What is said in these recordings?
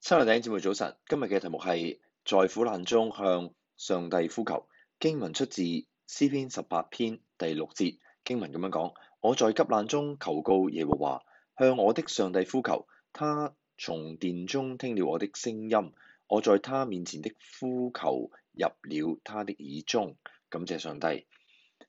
親愛弟兄姊妹早晨，今日嘅題目係在苦難中向上帝呼求。經文出自詩篇十八篇第六節，經文咁樣講：我在急難中求告耶和華，向我的上帝呼求，他從殿中聽了我的聲音，我在他面前的呼求入了他的耳中。感謝上帝。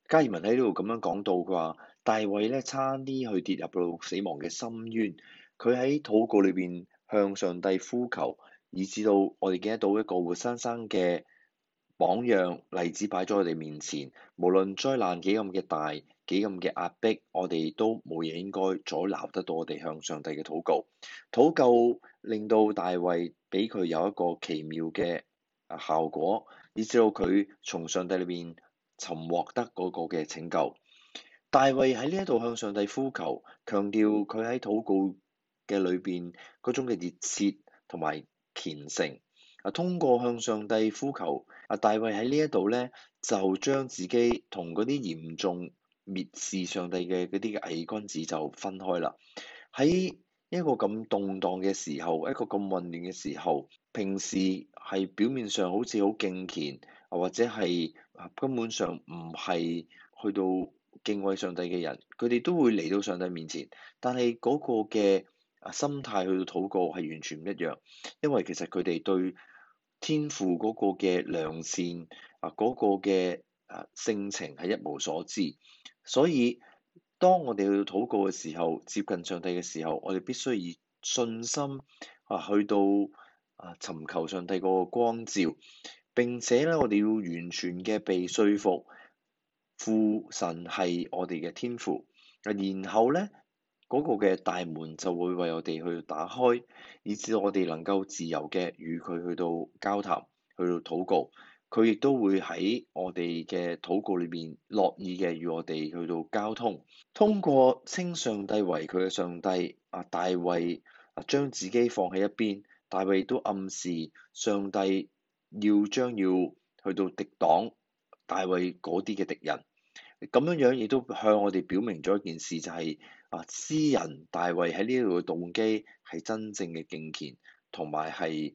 加爾文喺呢度咁樣講到，佢話，大衛咧差啲去跌入到死亡嘅深淵，佢喺禱告裏邊。向上帝呼求，以至到我哋見得到一個活生生嘅榜樣例子擺咗我哋面前。無論災難幾咁嘅大，幾咁嘅壓迫，我哋都冇嘢應該阻撓得到我哋向上帝嘅禱告。禱告令到大衛俾佢有一個奇妙嘅效果，以至到佢從上帝裏面尋獲得嗰個嘅拯救。大衛喺呢一度向上帝呼求，強調佢喺禱告。嘅裏邊嗰種嘅熱切同埋虔誠啊，通過向上帝呼求啊，大衛喺呢一度咧就將自己同嗰啲嚴重蔑視上帝嘅嗰啲嘅偽君子就分開啦。喺一個咁動盪嘅時候，一個咁混亂嘅時候，平時係表面上好似好敬虔，或者係根本上唔係去到敬畏上帝嘅人，佢哋都會嚟到上帝面前，但係嗰個嘅。啊，心態去到禱告係完全唔一樣，因為其實佢哋對天父嗰個嘅良善啊，嗰、嗰個嘅性情係一無所知，所以當我哋去到禱告嘅時候，接近上帝嘅時候，我哋必須以信心啊去到啊尋求上帝個光照，並且咧我哋要完全嘅被説服，父神係我哋嘅天父，然後咧。嗰個嘅大門就會為我哋去打開，以致我哋能夠自由嘅與佢去到交談，去到禱告。佢亦都會喺我哋嘅禱告裏面樂意嘅與我哋去到交通。通過稱上帝為佢嘅上帝，啊大衛啊將自己放喺一邊，大衛都暗示上帝要將要去到敵擋大衛嗰啲嘅敵人。咁樣樣亦都向我哋表明咗一件事，就係啊，私人大衛喺呢度嘅動機係真正嘅敬虔，同埋係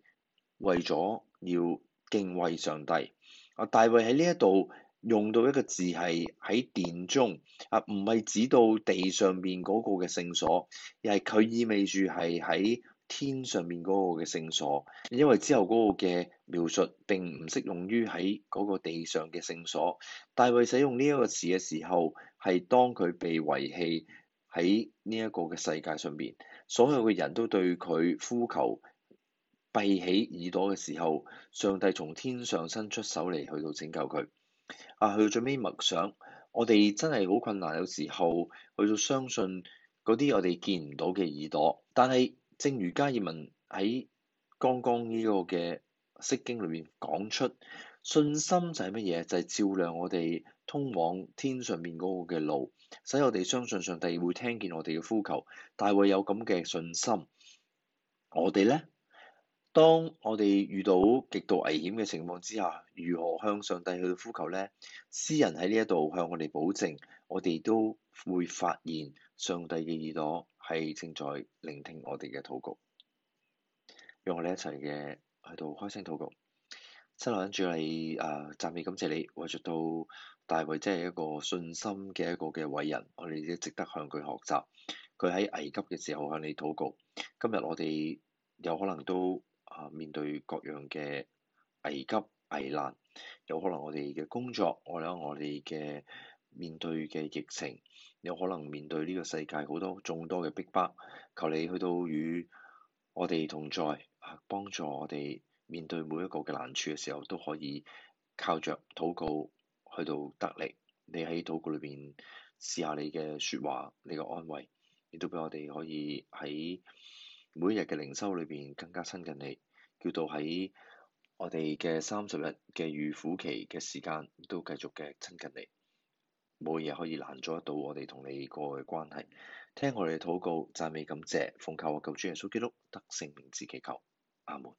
為咗要敬畏上帝。啊，大衛喺呢一度用到一個字係喺殿中，啊，唔係指到地上面嗰個嘅聖所，而係佢意味住係喺。天上面嗰個嘅聖所，因為之後嗰個嘅描述並唔適用於喺嗰個地上嘅聖所，大衛使用呢一個詞嘅時候，係當佢被遺棄喺呢一個嘅世界上邊，所有嘅人都對佢呼求，閉起耳朵嘅時候，上帝從天上伸出手嚟，去到拯救佢。啊，去到最尾默想，我哋真係好困難，有時候去到相信嗰啲我哋見唔到嘅耳朵，但係。正如加爾文喺剛剛呢個嘅《釋經》裏面講出，信心就係乜嘢？就係、是、照亮我哋通往天上面嗰個嘅路，使我哋相信上帝會聽見我哋嘅呼求。大衛有咁嘅信心，我哋咧，當我哋遇到極度危險嘅情況之下，如何向上帝去呼求咧？詩人喺呢一度向我哋保證，我哋都會發現上帝嘅耳朵。係正在聆聽我哋嘅禱告，用我哋一齊嘅喺度開聲禱告。親愛嘅主你，啊、呃，暫且感謝你，為著到大衛真係一個信心嘅一個嘅偉人，我哋都值得向佢學習。佢喺危急嘅時候向你禱告，今日我哋有可能都啊面對各樣嘅危急危難，有可能我哋嘅工作，我諗我哋嘅。面對嘅疫情，有可能面對呢個世界好多眾多嘅逼迫，迫，求你去到與我哋同在，幫助我哋面對每一個嘅難處嘅時候，都可以靠着禱告去到得力。你喺禱告裏邊試下你嘅説話，你嘅安慰，亦都俾我哋可以喺每一日嘅靈修裏邊更加親近你，叫到喺我哋嘅三十日嘅預苦期嘅時間，都繼續嘅親近你。冇嘢可以攔阻得到我哋同你過去嘅關係，聽我哋嘅禱告，讚美感謝，奉靠我救主耶穌基督，得勝名字祈求，阿門。